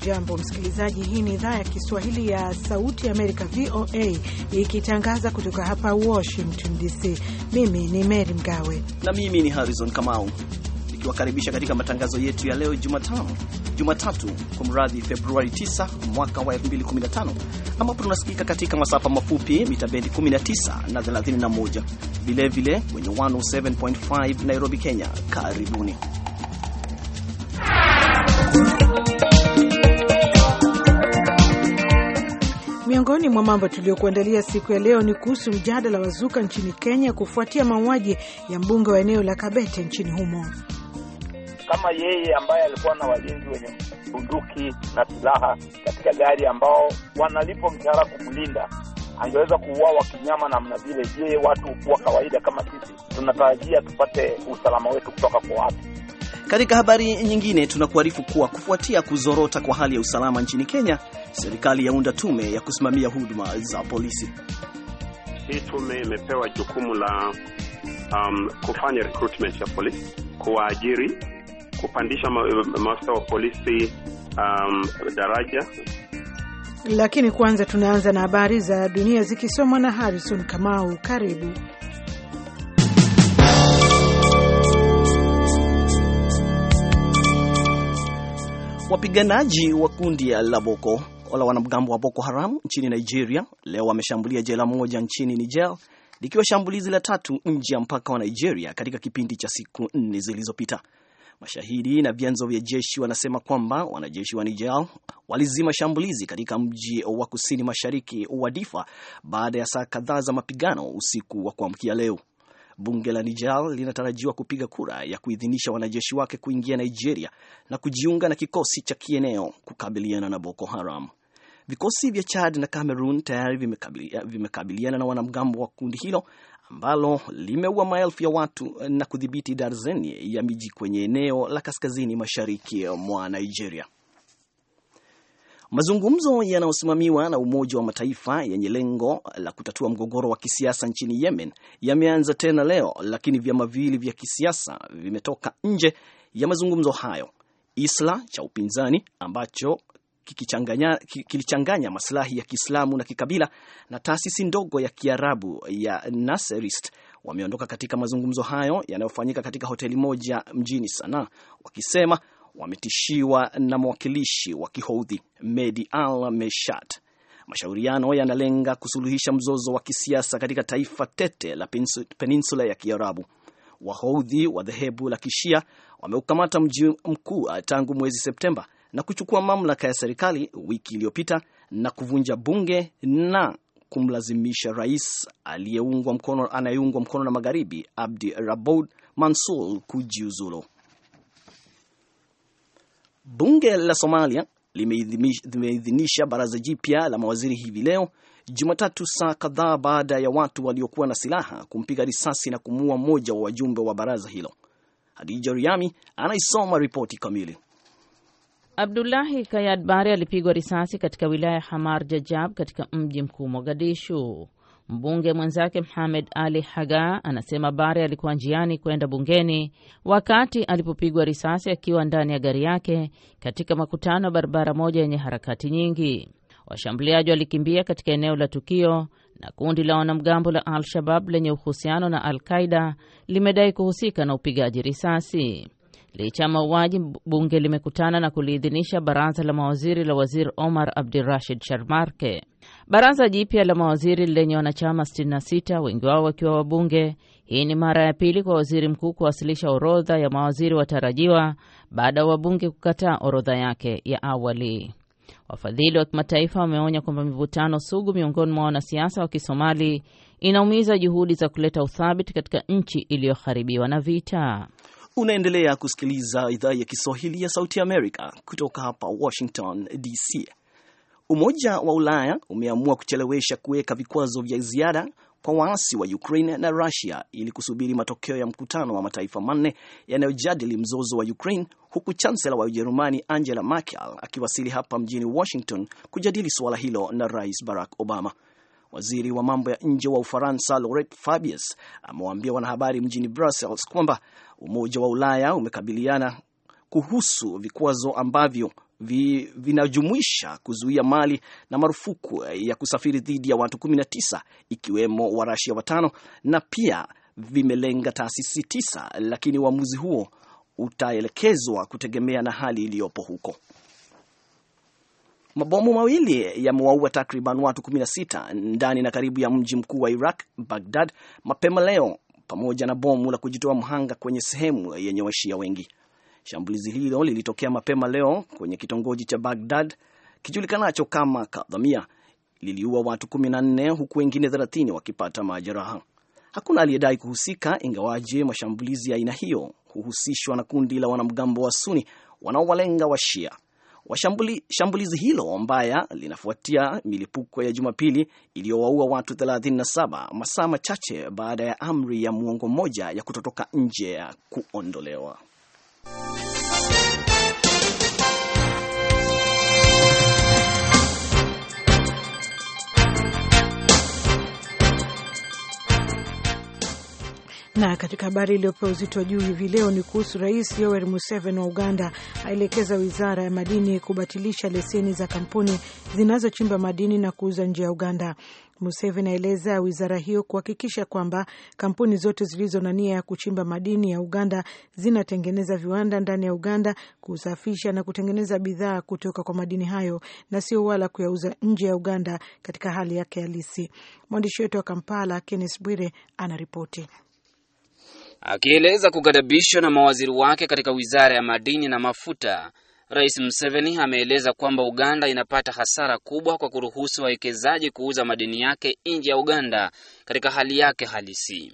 Hujambo msikilizaji, hii ni idhaa ya Kiswahili ya Sauti Amerika, VOA, ikitangaza kutoka hapa Washington DC. Mimi ni Mary Mgawe na mimi ni Harrison Kamau, nikiwakaribisha katika matangazo yetu ya leo Jumatano, Jumatatu kwa mradhi, Februari 9 mwaka wa 2015 ambapo tunasikika katika masafa mafupi mita bendi 19 na 31, vilevile kwenye 107.5 Nairobi, Kenya. Karibuni. Miongoni mwa mambo tuliyokuandalia siku ya leo ni kuhusu mjadala wa zuka nchini Kenya kufuatia mauaji ya mbunge wa eneo la Kabete nchini humo. Kama yeye ambaye alikuwa na walinzi wenye bunduki na silaha katika gari ambao wanalipo mshahara kumlinda, angeweza kuuawa kinyama namna vile, je, watu wa kawaida kama sisi tunatarajia tupate usalama wetu kutoka kwa wapi? Katika habari nyingine, tunakuarifu kuwa kufuatia kuzorota kwa hali ya usalama nchini Kenya, serikali yaunda tume ya kusimamia huduma za polisi. Hii tume imepewa jukumu la um, kufanya recruitment ya polisi, kuwaajiri, kupandisha maafisa wa polisi um, daraja. Lakini kwanza tunaanza na habari za dunia zikisomwa na Harrison Kamau. Karibu. Wapiganaji wa kundi la Boko la wanamgambo wa Boko Haram nchini Nigeria leo wameshambulia jela moja nchini Niger, likiwa shambulizi la tatu nje ya mpaka wa Nigeria katika kipindi cha siku nne zilizopita. Mashahidi na vyanzo vya jeshi wanasema kwamba wanajeshi wa Niger walizima shambulizi katika mji wa kusini mashariki wa Difa baada ya saa kadhaa za mapigano usiku wa kuamkia leo. Bunge la Niger linatarajiwa kupiga kura ya kuidhinisha wanajeshi wake kuingia Nigeria na kujiunga na kikosi cha kieneo kukabiliana na Boko Haram. Vikosi vya Chad na Cameroon tayari vimekabiliana, vimekabiliana na wanamgambo wa kundi hilo ambalo limeua maelfu ya watu na kudhibiti darzeni ya miji kwenye eneo la kaskazini mashariki mwa Nigeria. Mazungumzo yanayosimamiwa na Umoja wa Mataifa yenye lengo la kutatua mgogoro wa kisiasa nchini Yemen yameanza tena leo, lakini vyama viwili vya kisiasa vimetoka nje ya mazungumzo hayo. Isla cha upinzani ambacho kilichanganya masilahi ya Kiislamu na kikabila na taasisi ndogo ya Kiarabu ya Naserist wameondoka katika mazungumzo hayo yanayofanyika katika hoteli moja mjini Sanaa wakisema wametishiwa na mwakilishi wa Kihoudhi medi Al Meshat. Mashauriano yanalenga kusuluhisha mzozo wa kisiasa katika taifa tete la peninsula ya Kiarabu. Wahoudhi wa dhehebu la Kishia wameukamata mji mkuu eh, tangu mwezi Septemba na kuchukua mamlaka ya serikali wiki iliyopita na kuvunja bunge na kumlazimisha rais aliyeungwa mkono anayeungwa mkono na magharibi Abdi Raboud Mansur kujiuzulu. Bunge la Somalia limeidhinisha baraza jipya la mawaziri hivi leo Jumatatu, saa kadhaa baada ya watu waliokuwa na silaha kumpiga risasi na kumuua mmoja wa wajumbe wa baraza hilo. Hadija Riami anaisoma ripoti kamili. Abdullahi Kayad Bare alipigwa risasi katika wilaya ya Hamar Jajab katika mji mkuu Mogadishu. Mbunge mwenzake Mohamed Ali Haga anasema Bare alikuwa njiani kwenda bungeni wakati alipopigwa risasi akiwa ndani ya gari yake katika makutano ya barabara moja yenye harakati nyingi. Washambuliaji walikimbia katika eneo la tukio na kundi la wanamgambo la Al-Shabab lenye uhusiano na Al-Qaida limedai kuhusika na upigaji risasi. Licha ya mauaji, bunge limekutana na kuliidhinisha baraza la mawaziri la Waziri Omar Abdirashid Sharmarke. Baraza jipya la mawaziri lenye wanachama 66 wengi wao wakiwa wabunge. Hii ni mara ya pili kwa waziri mkuu kuwasilisha orodha ya mawaziri watarajiwa baada ya wabunge kukataa orodha yake ya awali. Wafadhili wa kimataifa wameonya kwamba mivutano sugu miongoni mwa wanasiasa wa Kisomali inaumiza juhudi za kuleta uthabiti katika nchi iliyoharibiwa na vita. Unaendelea kusikiliza idhaa ya Kiswahili ya Sauti ya Amerika kutoka hapa Washington DC. Umoja wa Ulaya umeamua kuchelewesha kuweka vikwazo vya ziada kwa waasi wa Ukraine na Russia ili kusubiri matokeo ya mkutano wa mataifa manne yanayojadili mzozo wa Ukraine, huku chansela wa Ujerumani Angela Merkel akiwasili hapa mjini Washington kujadili suala hilo na Rais Barack Obama. Waziri wa mambo ya nje wa Ufaransa Laurent Fabius amewaambia wanahabari mjini Brussels kwamba Umoja wa Ulaya umekabiliana kuhusu vikwazo ambavyo vi, vinajumuisha kuzuia mali na marufuku eh, ya kusafiri dhidi ya watu 19 ikiwemo Warasia watano na pia vimelenga taasisi tisa, lakini uamuzi huo utaelekezwa kutegemea na hali iliyopo huko. Mabomu mawili yamewaua takriban watu 16 ndani na karibu ya mji mkuu wa Iraq, Baghdad, mapema leo pamoja na bomu la kujitoa mhanga kwenye sehemu yenye washia wengi. Shambulizi hilo lilitokea mapema leo kwenye kitongoji cha Bagdad kijulikanacho kama Kadhamia. Liliua watu 14 huku wengine 30 wakipata majeraha. Hakuna aliyedai kuhusika, ingawaje mashambulizi ya aina hiyo huhusishwa na kundi la wanamgambo wa Suni wanaowalenga wa Shia. Washambuli, shambulizi hilo mbaya linafuatia milipuko ya Jumapili iliyowaua watu 37 masaa machache baada ya amri ya muongo mmoja ya kutotoka nje ya kuondolewa. Bye. Na katika habari iliyopewa uzito wa juu hivi leo ni kuhusu Rais Yoweri Museveni wa Uganda aelekeza wizara ya madini kubatilisha leseni za kampuni zinazochimba madini na kuuza nje ya Uganda. Museveni aeleza wizara hiyo kuhakikisha kwamba kampuni zote zilizo na nia ya kuchimba madini ya Uganda zinatengeneza viwanda ndani ya Uganda, kusafisha na kutengeneza bidhaa kutoka kwa madini hayo na sio wala kuyauza nje ya Uganda katika hali yake halisi. Mwandishi wetu wa Kampala, Kennes Bwire, anaripoti. Akieleza kugadhabishwa na mawaziri wake katika wizara ya madini na mafuta, Rais Museveni ameeleza kwamba Uganda inapata hasara kubwa kwa kuruhusu wawekezaji kuuza madini yake nje ya Uganda katika hali yake halisi.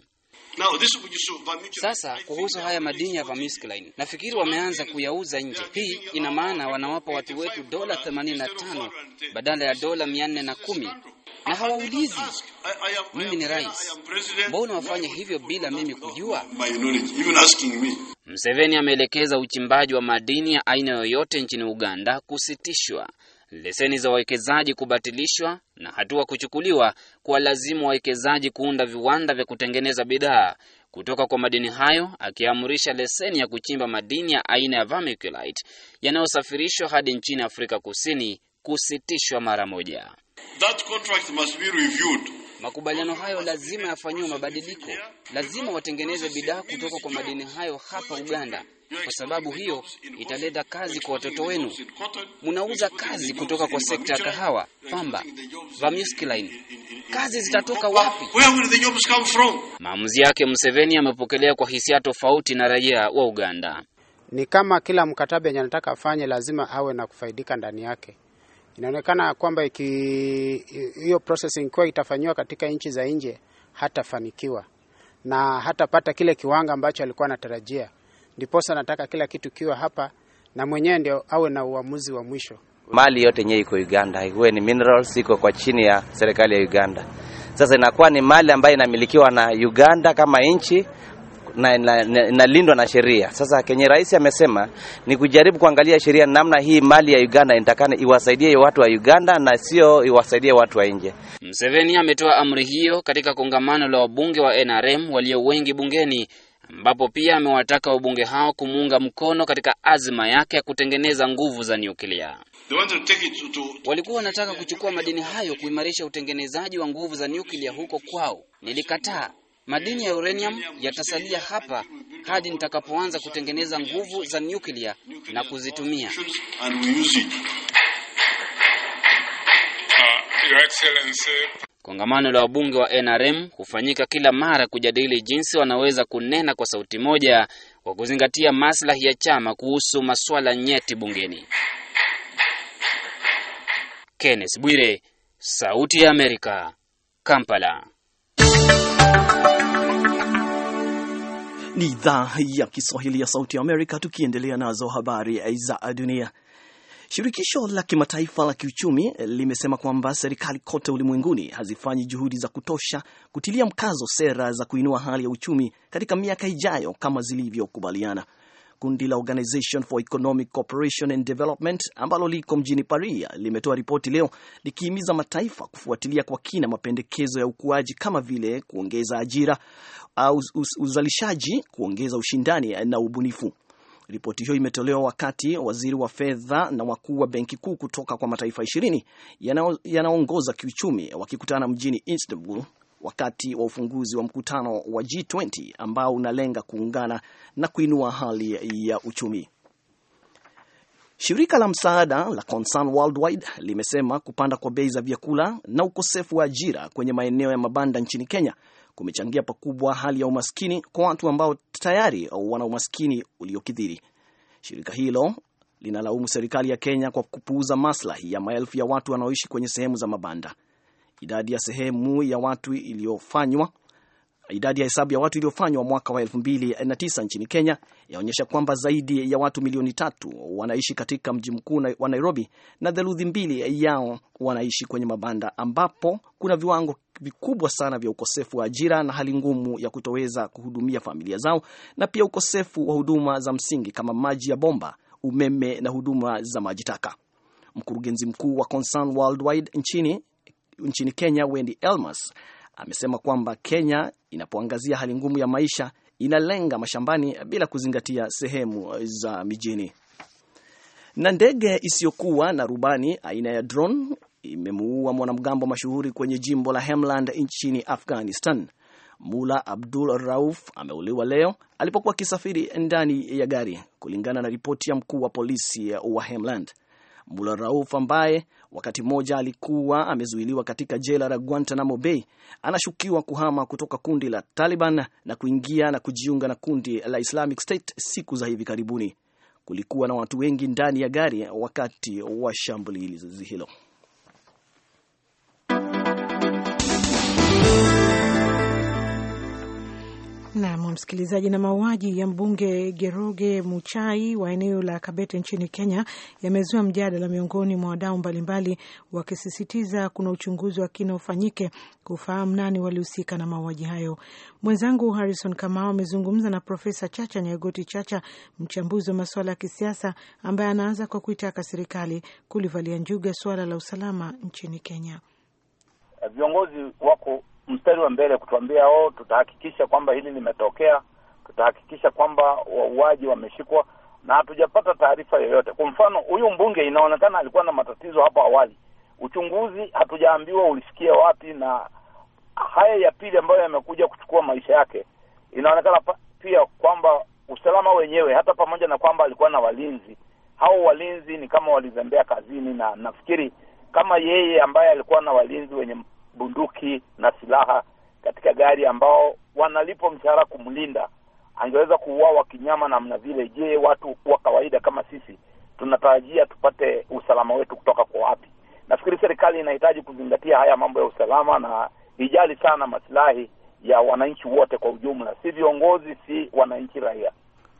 Sasa kuhusu haya madini ya vermiculite, nafikiri wameanza kuyauza nje. Hii ina maana wanawapa watu wetu dola 85 badala ya dola 410 na hawaulizi mimi ni rais, mbona wafanye hivyo bila mimi kujua? Mseveni ameelekeza uchimbaji wa madini ya aina yoyote nchini Uganda kusitishwa leseni za wawekezaji kubatilishwa na hatua kuchukuliwa lazima wawekezaji kuunda viwanda vya kutengeneza bidhaa kutoka kwa madini hayo, akiamrisha leseni ya kuchimba madini ya aina ya vermiculite yanayosafirishwa hadi nchini Afrika Kusini kusitishwa mara moja. That contract must be reviewed. Makubaliano hayo lazima yafanyiwe mabadiliko. Lazima watengeneze bidhaa kutoka kwa madini hayo hapa Uganda kwa sababu hiyo italeta kazi kwa watoto wenu. Mnauza kazi kutoka kwa sekta ya kahawa, pamba, Vamyuskline. Kazi zitatoka wapi? Maamuzi yake Museveni amepokelea kwa hisia tofauti na raia wa Uganda. Ni kama kila mkataba yenye anataka afanye lazima awe na kufaidika ndani yake. Inaonekana kwamba hiyo processing kwa itafanywa katika nchi za nje hatafanikiwa na hatapata kile kiwango ambacho alikuwa anatarajia. Ndiposa nataka kila kitu kiwa hapa na mwenyewe ndio awe na uamuzi wa mwisho. Mali yote yenyewe iko Uganda, iwe ni minerals iko kwa chini ya serikali ya Uganda. Sasa inakuwa ni mali ambayo inamilikiwa na Uganda kama nchi na inalindwa na, na, na sheria. Sasa kenye rais amesema ni kujaribu kuangalia sheria namna hii mali ya Uganda inatakana iwasaidie watu wa Uganda na sio iwasaidie watu wa nje. Mseveni ametoa amri hiyo katika kongamano la wabunge wa NRM walio wengi bungeni ambapo pia amewataka wabunge hao kumuunga mkono katika azma yake ya kutengeneza nguvu za nyuklia. Walikuwa wanataka kuchukua madini hayo kuimarisha utengenezaji wa nguvu za nyuklia huko kwao. Nilikataa. Madini ya uranium yatasalia hapa hadi nitakapoanza kutengeneza nguvu za nyuklia na kuzitumia. Kongamano la wabunge wa NRM hufanyika kila mara kujadili jinsi wanaweza kunena kwa sauti moja kwa kuzingatia maslahi ya chama kuhusu masuala nyeti bungeni. Kenneth Bwire, Sauti ya Amerika, Kampala. Ni idhaa ya Kiswahili ya Sauti ya Amerika, tukiendelea nazo habari za dunia. Shirikisho la kimataifa la kiuchumi eh, limesema kwamba serikali kote ulimwenguni hazifanyi juhudi za kutosha kutilia mkazo sera za kuinua hali ya uchumi katika miaka ijayo kama zilivyokubaliana. Kundi la Organization for Economic Cooperation and Development ambalo liko mjini Paris limetoa ripoti leo likihimiza mataifa kufuatilia kwa kina mapendekezo ya ukuaji kama vile kuongeza ajira, uz, uz, uzalishaji, kuongeza ushindani na ubunifu. Ripoti hiyo imetolewa wakati waziri wa fedha na wakuu wa benki kuu kutoka kwa mataifa ishirini yanaongoza kiuchumi wakikutana mjini Istanbul wakati wa ufunguzi wa mkutano wa G20 ambao unalenga kuungana na kuinua hali ya uchumi. Shirika la msaada la Concern Worldwide limesema kupanda kwa bei za vyakula na ukosefu wa ajira kwenye maeneo ya mabanda nchini Kenya kumechangia pakubwa hali ya umaskini kwa watu ambao tayari wana umaskini uliokithiri. Shirika hilo linalaumu serikali ya Kenya kwa kupuuza maslahi ya maelfu ya watu wanaoishi kwenye sehemu za mabanda. Idadi ya sehemu ya watu iliyofanywa Idadi ya hesabu ya watu iliyofanywa mwaka wa 2009 nchini Kenya yaonyesha kwamba zaidi ya watu milioni tatu wanaishi katika mji mkuu wa Nairobi na theluthi mbili yao wanaishi kwenye mabanda ambapo kuna viwango vikubwa sana vya ukosefu wa ajira na hali ngumu ya kutoweza kuhudumia familia zao na pia ukosefu wa huduma za msingi kama maji ya bomba, umeme na huduma za maji taka. Mkurugenzi mkuu wa Concern Worldwide nchini nchini Kenya Wendy Elmas amesema kwamba Kenya inapoangazia hali ngumu ya maisha inalenga mashambani bila kuzingatia sehemu za mijini. Na ndege isiyokuwa na rubani aina ya drone imemuua mwanamgambo mashuhuri kwenye jimbo la Hemland nchini Afghanistan. Mula Abdul Rauf ameuliwa leo alipokuwa akisafiri ndani ya gari, kulingana na ripoti ya mkuu wa polisi wa Hemland. Mula Rauf ambaye wakati mmoja alikuwa amezuiliwa katika jela la Guantanamo Bay anashukiwa kuhama kutoka kundi la Taliban na kuingia na kujiunga na kundi la Islamic State siku za hivi karibuni. Kulikuwa na watu wengi ndani ya gari wakati wa shambulizi hilo. Nam msikilizaji. Na mauaji ya mbunge Geroge Muchai wa eneo la Kabete nchini Kenya yamezua mjadala miongoni mwa wadau mbalimbali, wakisisitiza kuna uchunguzi wa kina ufanyike kufahamu nani walihusika na mauaji hayo. Mwenzangu Harrison Kamau amezungumza na Profesa Chacha Nyagoti Chacha, mchambuzi wa masuala ya kisiasa, ambaye anaanza kwa kuitaka serikali kulivalia njuga suala la usalama nchini Kenya. Viongozi wako mstari wa mbele kutuambia oh, tutahakikisha kwamba hili limetokea, tutahakikisha kwamba wauaji wameshikwa, na hatujapata taarifa yoyote. Kwa mfano, huyu mbunge inaonekana alikuwa na matatizo hapo awali. Uchunguzi hatujaambiwa ulifikia wapi, na haya ya pili ambayo yamekuja kuchukua maisha yake, inaonekana pia kwamba usalama wenyewe, hata pamoja na kwamba alikuwa na walinzi, hao walinzi ni kama walizembea kazini, na nafikiri kama yeye ambaye alikuwa na walinzi wenye bunduki na silaha katika gari ambao wanalipwa mshahara kumlinda, angeweza kuuawa kinyama namna vile. Je, watu wa kawaida kama sisi tunatarajia tupate usalama wetu kutoka kwa wapi? Nafikiri serikali inahitaji kuzingatia haya mambo ya usalama na ijali sana masilahi ya wananchi wote kwa ujumla, si viongozi, si wananchi, raia.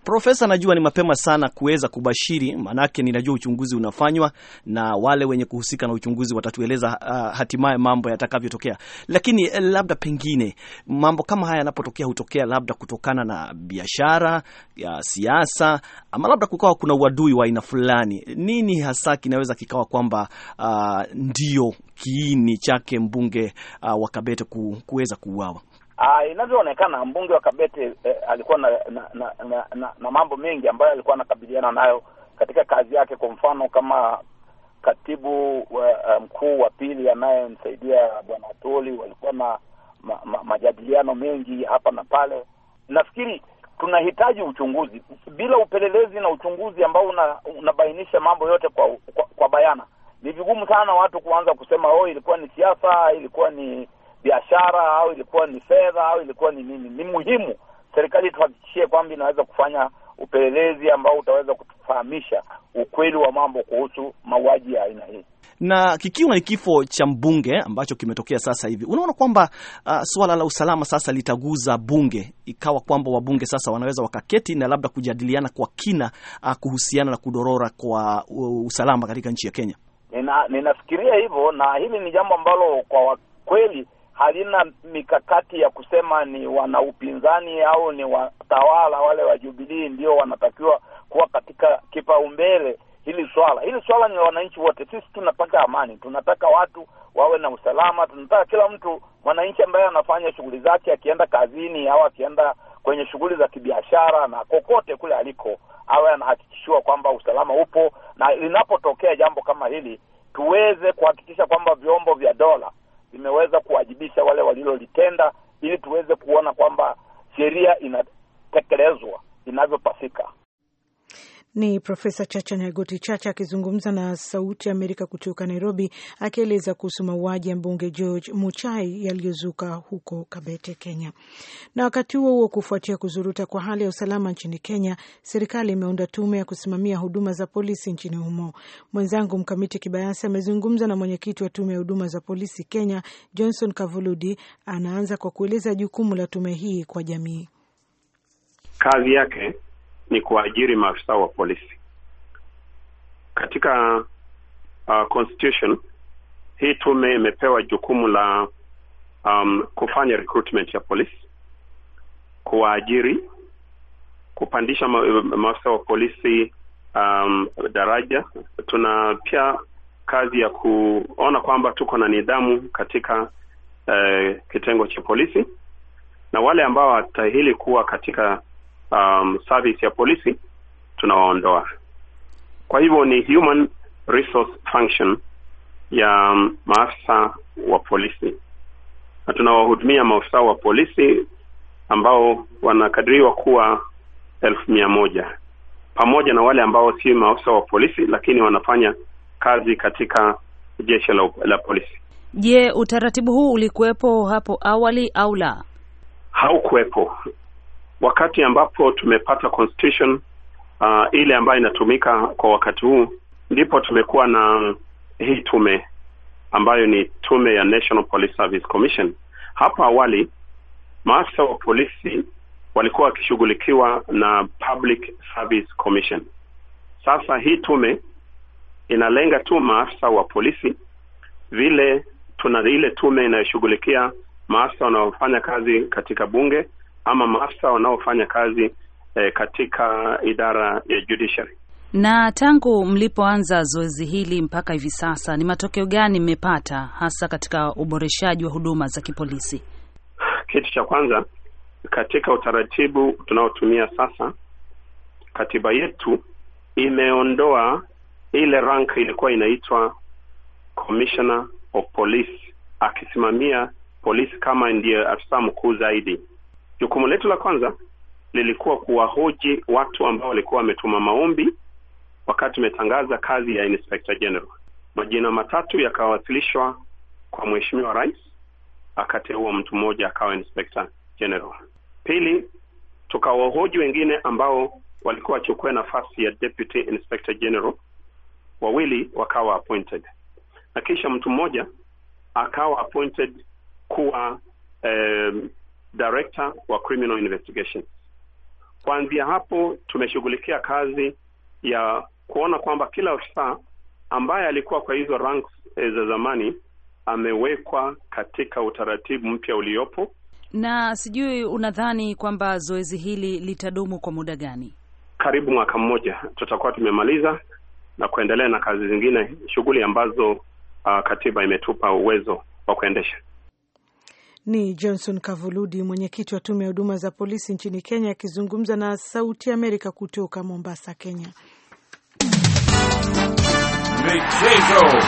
Profesa, najua ni mapema sana kuweza kubashiri, maanake ninajua uchunguzi unafanywa na wale wenye kuhusika na uchunguzi watatueleza uh, hatimaye mambo yatakavyotokea, lakini eh, labda pengine mambo kama haya yanapotokea hutokea labda kutokana na biashara ya siasa, ama labda kukawa kuna uadui wa aina fulani. Nini hasa kinaweza kikawa kwamba uh, ndio kiini chake mbunge uh, wa Kabete ku, kuweza kuuawa? Ah, inavyoonekana mbunge wa Kabete eh, alikuwa na na, na, na, na na mambo mengi ambayo alikuwa anakabiliana nayo katika kazi yake. Kwa mfano kama katibu uh, mkuu wa pili anayemsaidia bwana Atoli, walikuwa na ma, ma, majadiliano mengi hapa na pale. Nafikiri tunahitaji uchunguzi. Bila upelelezi na uchunguzi ambao una, unabainisha mambo yote kwa, kwa, kwa bayana, ni vigumu sana watu kuanza kusema oh, ilikuwa ni siasa, ilikuwa ni biashara au ilikuwa ni fedha au ilikuwa ni nini, ni muhimu serikali ituhakikishie kwamba inaweza kufanya upelelezi ambao utaweza kutufahamisha ukweli wa mambo kuhusu mauaji ya aina hii. Na kikiwa ni kifo cha mbunge ambacho kimetokea sasa hivi, unaona kwamba uh, suala la usalama sasa litaguza bunge, ikawa kwamba wabunge sasa wanaweza wakaketi na labda kujadiliana kwa kina uh, kuhusiana na kudorora kwa uh, usalama katika nchi ya Kenya. Nina, ninafikiria hivyo na hili ni jambo ambalo kwa kweli halina mikakati ya kusema ni wanaupinzani au ni watawala wale wa Jubilii ndio wanatakiwa kuwa katika kipaumbele hili swala. Hili swala ni wananchi wote. Sisi tunataka amani, tunataka watu wawe na usalama, tunataka kila mtu mwananchi ambaye anafanya shughuli zake, akienda kazini au akienda kwenye shughuli za kibiashara na kokote kule aliko, awe anahakikishiwa kwamba usalama upo, na linapotokea jambo kama hili tuweze kuhakikisha kwamba vyombo vya dola imeweza kuwajibisha wale walilolitenda, ili tuweze kuona kwamba sheria inatekelezwa inavyopasika. Ni Profesa Chacha Nyagoti Chacha akizungumza na Sauti ya Amerika kutoka Nairobi, akieleza kuhusu mauaji ya mbunge George Muchai yaliyozuka huko Kabete, Kenya. Na wakati huo huo, kufuatia kuzuruta kwa hali ya usalama nchini Kenya, serikali imeunda tume ya kusimamia huduma za polisi nchini humo. Mwenzangu Mkamiti Kibayasi amezungumza na mwenyekiti wa tume ya huduma za polisi Kenya, Johnson Kavuludi. Anaanza kwa kueleza jukumu la tume hii kwa jamii. Kazi yake ni kuajiri maafisa wa polisi katika uh, constitution hii tume imepewa jukumu la um, kufanya recruitment ya polisi, kuwaajiri, kupandisha maafisa wa polisi um, daraja. Tuna pia kazi ya kuona kwamba tuko na nidhamu katika uh, kitengo cha polisi na wale ambao hastahili kuwa katika um, service ya polisi tunawaondoa. Kwa hivyo ni human resource function ya um, maafisa wa polisi, na tunawahudumia maafisa wa polisi ambao wanakadiriwa kuwa elfu mia moja pamoja na wale ambao si maafisa wa polisi lakini wanafanya kazi katika jeshi la, la polisi. Je, utaratibu huu ulikuwepo hapo awali au la? Haukuwepo wakati ambapo tumepata constitution uh, ile ambayo inatumika kwa wakati huu, ndipo tumekuwa na hii tume ambayo ni tume ya National Police Service Commission. Hapo awali maafisa wa polisi walikuwa wakishughulikiwa na Public Service Commission. Sasa hii tume inalenga tu maafisa wa polisi, vile tuna ile tume inayoshughulikia maafisa wanaofanya kazi katika bunge ama maafisa wanaofanya kazi eh, katika idara ya judiciary. Na tangu mlipoanza zoezi hili mpaka hivi sasa, ni matokeo gani mmepata hasa katika uboreshaji wa huduma za kipolisi? Kitu cha kwanza katika utaratibu tunaotumia sasa, katiba yetu imeondoa ile rank ilikuwa inaitwa commissioner of police, akisimamia polisi kama ndiye afisa mkuu zaidi. Jukumu letu la kwanza lilikuwa kuwahoji watu ambao walikuwa wametuma maombi wakati umetangaza kazi ya Inspector General. Majina matatu yakawasilishwa kwa Mheshimiwa Rais, akateua mtu mmoja akawa Inspector General. Pili, tukawahoji wengine ambao walikuwa wachukua nafasi ya Deputy Inspector General, wawili wakawa appointed na kisha mtu mmoja akawa appointed kuwa um, director wa criminal investigation Kuanzia hapo tumeshughulikia kazi ya kuona kwamba kila ofisa ambaye alikuwa kwa hizo ranks eh, za zamani amewekwa katika utaratibu mpya uliopo. Na sijui unadhani kwamba zoezi hili litadumu kwa muda gani? Karibu mwaka mmoja tutakuwa tumemaliza na kuendelea na kazi zingine, shughuli ambazo uh, katiba imetupa uwezo wa kuendesha. Ni Johnson Kavuludi, mwenyekiti wa tume ya huduma za polisi nchini Kenya, akizungumza na Sauti Amerika kutoka Mombasa, Kenya. Michezo.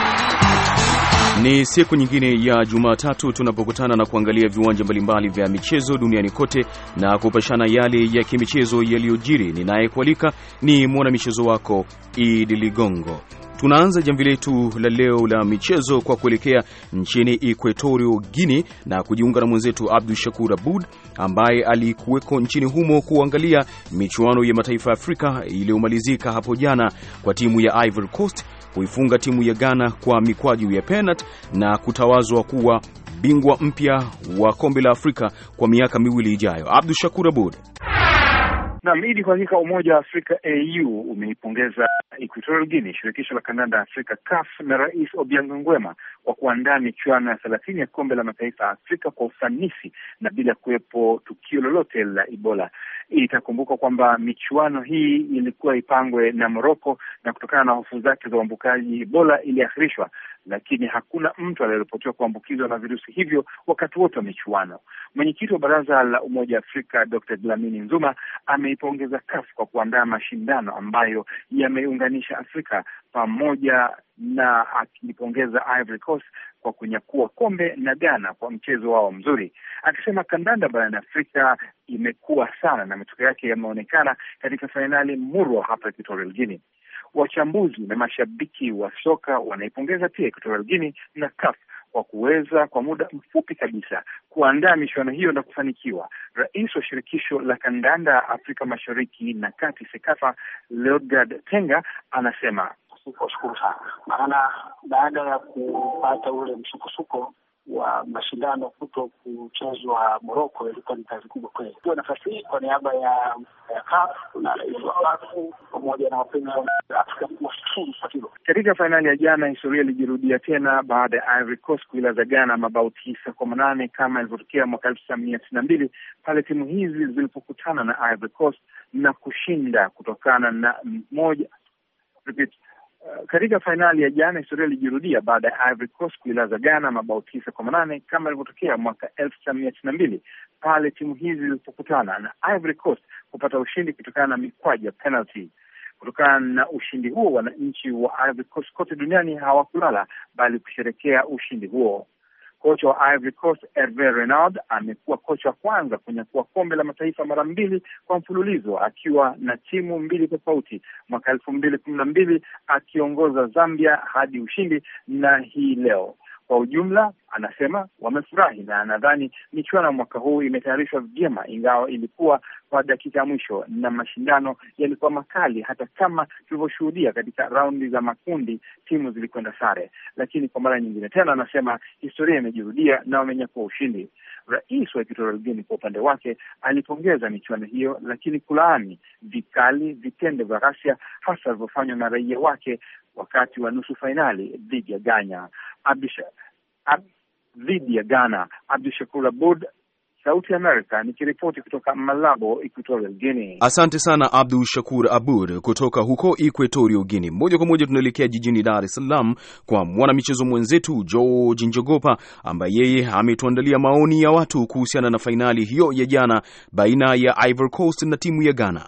Ni siku nyingine ya Jumatatu tunapokutana na kuangalia viwanja mbalimbali vya michezo duniani kote na kupashana yale ya kimichezo yaliyojiri. Ninayekualika ni mwanamichezo wako Idi Ligongo. Tunaanza jamvi letu la leo la michezo kwa kuelekea nchini Equatorio guinea na kujiunga na mwenzetu Abdu Shakur Abud ambaye alikuweko nchini humo kuangalia michuano ya mataifa ya Afrika iliyomalizika hapo jana kwa timu ya Ivory Coast kuifunga timu ya Ghana kwa mikwaju ya penalti na kutawazwa kuwa bingwa mpya wa kombe la Afrika kwa miaka miwili ijayo. Abdu Shakur Abud. Naam, ili kwa hakika Umoja wa Afrika AU umeipongeza Equatorial Guinea, shirikisho la kandanda Afrika CAF na Rais Obiang Nguema kwa kuandaa michuano ya thelathini ya kombe la mataifa ya Afrika kwa ufanisi na bila kuwepo tukio lolote la Ebola. Itakumbuka kwamba michuano hii ilikuwa ipangwe na Moroko na kutokana na hofu zake za uambukaji Ebola iliahirishwa, lakini hakuna mtu aliyeripotiwa kuambukizwa na virusi hivyo wakati wote wa michuano. Mwenyekiti wa Baraza la Umoja wa Afrika Dr. Dlamini Nzuma ameipongeza CAF kwa kuandaa mashindano ambayo yameunganisha Afrika pamoja na akipongeza Ivory Coast kwa kunyakua kombe na Ghana kwa mchezo wao mzuri, akisema kandanda barani Afrika imekuwa sana na matokeo yake yameonekana katika fainali murwa hapa Equatorial Guinea. Wachambuzi na mashabiki wa soka wanaipongeza pia Equatorial Guinea na CAF kwa kuweza kwa muda mfupi kabisa kuandaa michuano hiyo na kufanikiwa. Rais wa shirikisho la kandanda Afrika Mashariki na Kati, SEKAFA, Leodegar Tenga anasema Sikuwashukuru sana, maana baada ya kupata ule msukosuko wa mashindano kuto kuchezwa Moroko, ilikuwa ni kazi kubwa kweli. Kwa nafasi hii kwa niaba ya ya CAF na rais wa CAF pamoja na wapenzi wa Afrika kuwashukuru kwa hilo. Katika fainali ya jana, historia ilijirudia tena baada ya Ivory Coast kuilaza Ghana mabao tisa kwa manane kama ilivyotokea mwaka elfu tisa mia tisini na mbili pale timu hizi zilipokutana na Ivory Coast na kushinda kutokana na moja Eh, katika fainali ya jana historia ilijirudia baada ya Ivory Coast kuilaza Ghana mabao tisa kwa manane kama ilivyotokea mwaka elfu tisa mia tisini na mbili pale timu hizi zilipokutana na Ivory Coast kupata ushindi kutokana na mikwaju ya penalty. Kutokana na ushindi huo, wananchi wa Ivory Coast kote duniani hawakulala bali kusherekea ushindi huo. Kocha wa Ivory Coast Herve Renard amekuwa kocha wa kwanza kunyakua kombe la mataifa mara mbili kwa mfululizo akiwa na timu mbili tofauti, mwaka elfu mbili kumi na mbili akiongoza Zambia hadi ushindi na hii leo kwa ujumla anasema wamefurahi, na nadhani michuano ya mwaka huu imetayarishwa vyema, ingawa ilikuwa kwa dakika ya mwisho na mashindano yalikuwa makali. Hata kama tulivyoshuhudia katika raundi za makundi, timu zilikwenda sare, lakini kwa mara nyingine tena anasema historia imejirudia na wamenyakua ushindi. Rais wa Equatorial Guinea kwa upande wake alipongeza michuano hiyo, lakini kulaani vikali vitendo vya ghasia hasa vilivyofanywa na raia wake wakati wa nusu fainali dhidi ya Ghana dhidi ya Ghana. Abdu Shakur Abud, Sauti Amerika, nikiripoti kutoka Malabo, Equatorial Guinea. Asante sana Abdu Shakur Abud kutoka huko Equatorial Guinea. Moja kwa moja tunaelekea jijini Dar es Salaam kwa mwanamichezo mwenzetu George Njogopa, ambaye yeye ametuandalia maoni ya watu kuhusiana na fainali hiyo ya jana baina ya Ivory Coast na timu ya Ghana.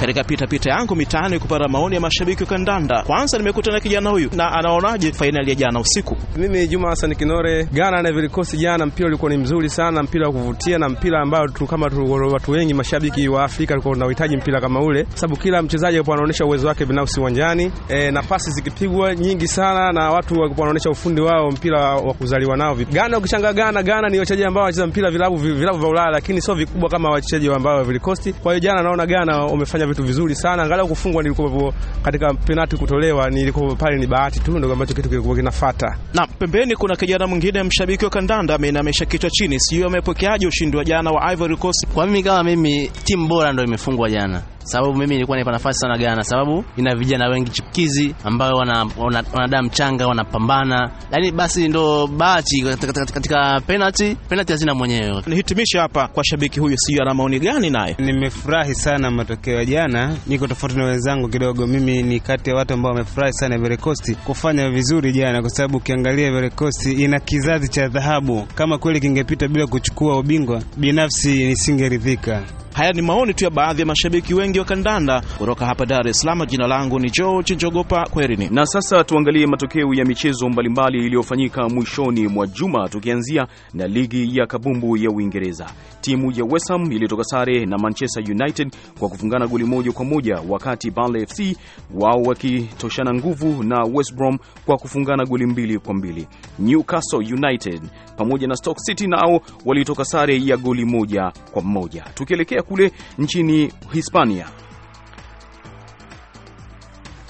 Katika pitapita yangu mitaani kupata maoni ya mashabiki wa kandanda, kwanza nimekutana kijana huyu na anaonaje fainali ya jana usiku. Mimi Juma Hassan Kinore, Ghana na vilikosi jana, mpira ulikuwa ni mzuri sana, mpira wa kuvutia na mpira ambao kama watu wengi mashabiki wa Afrika walikuwa wanahitaji mpira kama ule, sababu kila mchezaji alikuwa anaonyesha uwezo wake binafsi uwanjani e, na pasi zikipigwa nyingi sana na watu walikuwa wanaonyesha ufundi wao mpira wa kuzaliwa nao. Ghana, ukishanga Ghana, Ghana ni wachezaji ambao wanacheza mpira vilabu vilabu vya Ulaya, lakini sio vikubwa kama wachezaji ambao vilikosi. Kwa hiyo jana naona Ghana wamefanya amefanya vitu vizuri sana, angalau kufungwa nilikuwa katika penalti kutolewa, nilikuwa pale ni bahati tu, ndio ambacho kitu kilikuwa kinafuata. Na pembeni kuna kijana mwingine mshabiki wa kandanda ameinamisha kichwa chini, sijui amepokeaje ushindi wa jana wa Ivory Coast. Kwa mimi kama mimi, timu bora ndio imefungwa jana sababu mimi nilikuwa nipa nafasi sana Ghana, sababu ina vijana wengi chipukizi ambao wana, wana, wana mchanga wanapambana, lakini basi ndo bahati katika, katika penalty penalty hazina mwenyewe. Nihitimishe hapa kwa shabiki huyu, sio ana maoni gani naye. Nimefurahi sana matokeo ya jana, niko tofauti na wenzangu kidogo. Mimi ni kati ya watu ambao wamefurahi sana Ivory Coast kufanya vizuri jana, kwa sababu ukiangalia Ivory Coast ina kizazi cha dhahabu. Kama kweli kingepita bila kuchukua ubingwa, binafsi nisingeridhika. Haya ni maoni tu ya baadhi ya mashabiki wengi wa kandanda kutoka hapa Dar es Salaam. Jina langu ni George Njogopa, kwerini. Na sasa tuangalie matokeo ya michezo mbalimbali iliyofanyika mwishoni mwa juma, tukianzia na ligi ya kabumbu ya Uingereza. Timu ya West Ham ilitoka sare na Manchester United kwa kufungana goli moja kwa moja, wakati Burnley FC wao wakitoshana nguvu na West Brom kwa kufungana goli mbili kwa mbili. Newcastle United pamoja na Stoke City nao walitoka sare ya goli moja kwa moja. Tukielekea kule nchini Hispania.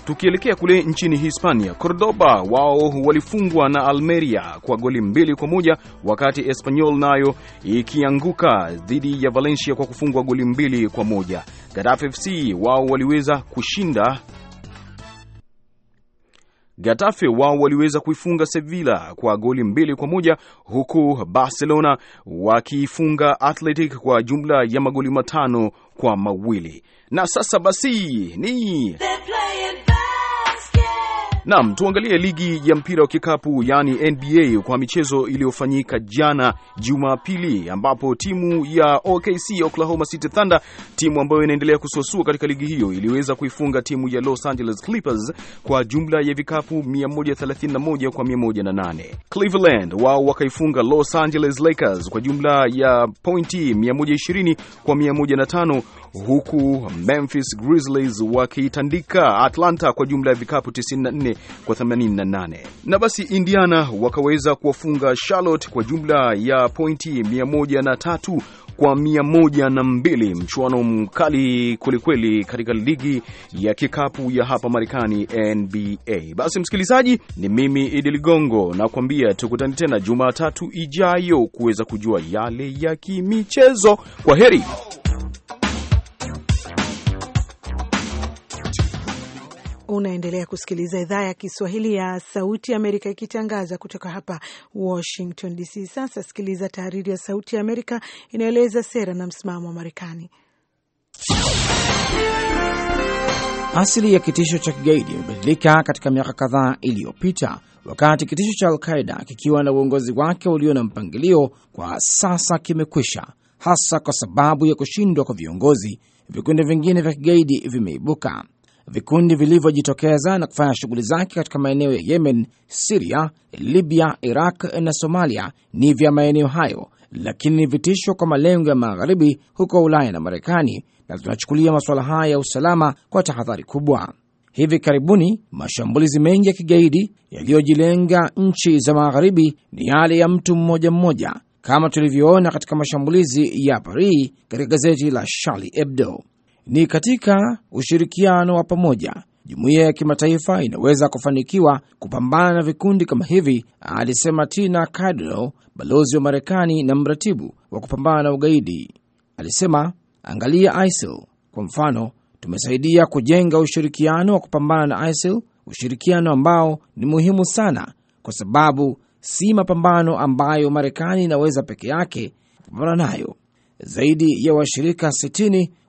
Tukielekea kule nchini Hispania, Cordoba wao walifungwa na Almeria kwa goli mbili kwa moja wakati Espanyol nayo ikianguka dhidi ya Valencia kwa kufungwa goli mbili kwa moja. Getafe FC wao waliweza kushinda Getafe wao waliweza kuifunga Sevilla kwa goli mbili kwa moja huku Barcelona wakiifunga Athletic kwa jumla ya magoli matano kwa mawili. Na sasa basi ni Naam, tuangalie ligi ya mpira wa kikapu yaani NBA kwa michezo iliyofanyika jana Jumapili, ambapo timu ya OKC, Oklahoma City Thunder, timu ambayo inaendelea kusuasua katika ligi hiyo, iliweza kuifunga timu ya Los Angeles Clippers kwa jumla ya vikapu 131 kwa 108. Cleveland wao wakaifunga Los Angeles Lakers kwa jumla ya pointi 120 kwa 105, huku Memphis Grizzlies wakiitandika Atlanta kwa jumla ya vikapu 94 kwa 88, na basi Indiana wakaweza kuwafunga Charlotte kwa jumla ya pointi 103 kwa mia moja na mbili. Mchuano mkali kwelikweli katika ligi ya kikapu ya hapa Marekani, NBA. Basi msikilizaji, ni mimi Idi Ligongo nakuambia tukutane tena Jumatatu ijayo kuweza kujua yale ya kimichezo. Kwa heri. Unaendelea kusikiliza idhaa ya Kiswahili ya Sauti Amerika ikitangaza kutoka hapa Washington DC. Sasa sikiliza tahariri ya Sauti ya Amerika inayoeleza sera na msimamo wa Marekani. Asili ya kitisho cha kigaidi imebadilika katika miaka kadhaa iliyopita, wakati kitisho cha Alqaida kikiwa na uongozi wake ulio na mpangilio kwa sasa kimekwisha, hasa kwa sababu ya kushindwa kwa viongozi. Vikundi vingine vya kigaidi vimeibuka vikundi vilivyojitokeza na kufanya shughuli zake katika maeneo ya Yemen, Siria, Libya, Iraq na Somalia ni vya maeneo hayo, lakini ni vitisho kwa malengo ya magharibi huko Ulaya na Marekani, na tunachukulia masuala haya ya usalama kwa tahadhari kubwa. Hivi karibuni mashambulizi mengi ya kigaidi yaliyojilenga nchi za magharibi ni yale ya mtu mmoja mmoja, kama tulivyoona katika mashambulizi ya Paris katika gazeti la Charlie Hebdo. Ni katika ushirikiano wa pamoja jumuiya ya kimataifa inaweza kufanikiwa kupambana na vikundi kama hivi, alisema Tina Cardinal, balozi wa Marekani na mratibu wa kupambana na ugaidi. Alisema, angalia ISIL kwa mfano, tumesaidia kujenga ushirikiano wa kupambana na ISIL, ushirikiano ambao ni muhimu sana, kwa sababu si mapambano ambayo Marekani inaweza peke yake kupambana nayo. Zaidi ya washirika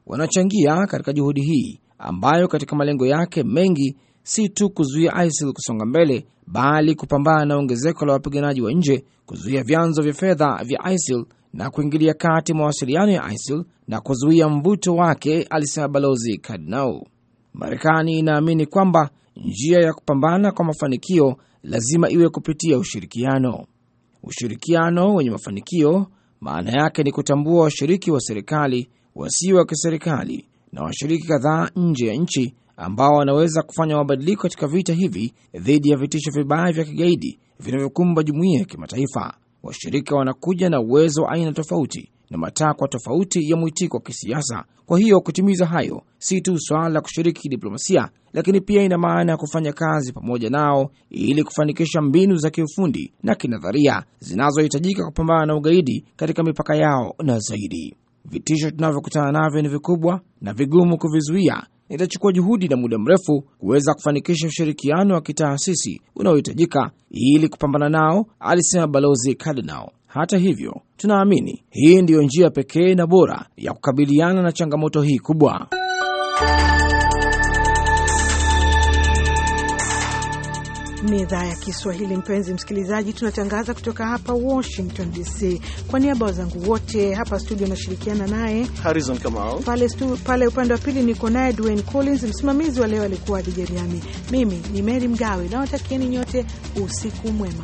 wanachangia katika juhudi hii ambayo katika malengo yake mengi si tu kuzuia ISIL kusonga mbele, bali kupambana na ongezeko la wapiganaji wa nje, kuzuia vyanzo vya fedha vya ISIL na kuingilia kati mawasiliano ya ISIL na kuzuia mvuto wake, alisema Balozi Kadnau. Marekani inaamini kwamba njia ya kupambana kwa mafanikio lazima iwe kupitia ushirikiano. Ushirikiano wenye mafanikio maana yake ni kutambua washiriki wa serikali wasio wa kiserikali na washiriki kadhaa nje ya nchi ambao wanaweza kufanya mabadiliko katika vita hivi dhidi ya vitisho vibaya vya kigaidi vinavyokumba jumuiya ya kimataifa. Washirika wanakuja na uwezo wa aina tofauti na matakwa tofauti ya mwitiko wa kisiasa. Kwa hiyo kutimiza hayo si tu swala la kushiriki kidiplomasia, lakini pia ina maana ya kufanya kazi pamoja nao ili kufanikisha mbinu za kiufundi na kinadharia zinazohitajika kupambana na ugaidi katika mipaka yao na zaidi Vitisho tunavyokutana navyo ni vikubwa na vigumu kuvizuia, itachukua juhudi na muda mrefu kuweza kufanikisha ushirikiano wa kitaasisi unaohitajika ili kupambana nao, alisema Balozi Cardinal. Hata hivyo, tunaamini hii ndiyo njia pekee na bora ya kukabiliana na changamoto hii kubwa. Ni idhaa ya Kiswahili, mpenzi msikilizaji, tunatangaza kutoka hapa Washington DC. Kwa niaba wazangu wote hapa studio, anashirikiana naye Harrison Kamau pale, pale upande wa pili niko naye Dwayne Collins. Msimamizi wa leo alikuwa Dijeriami, mimi ni Mary Mgawe, nawatakieni nyote usiku mwema.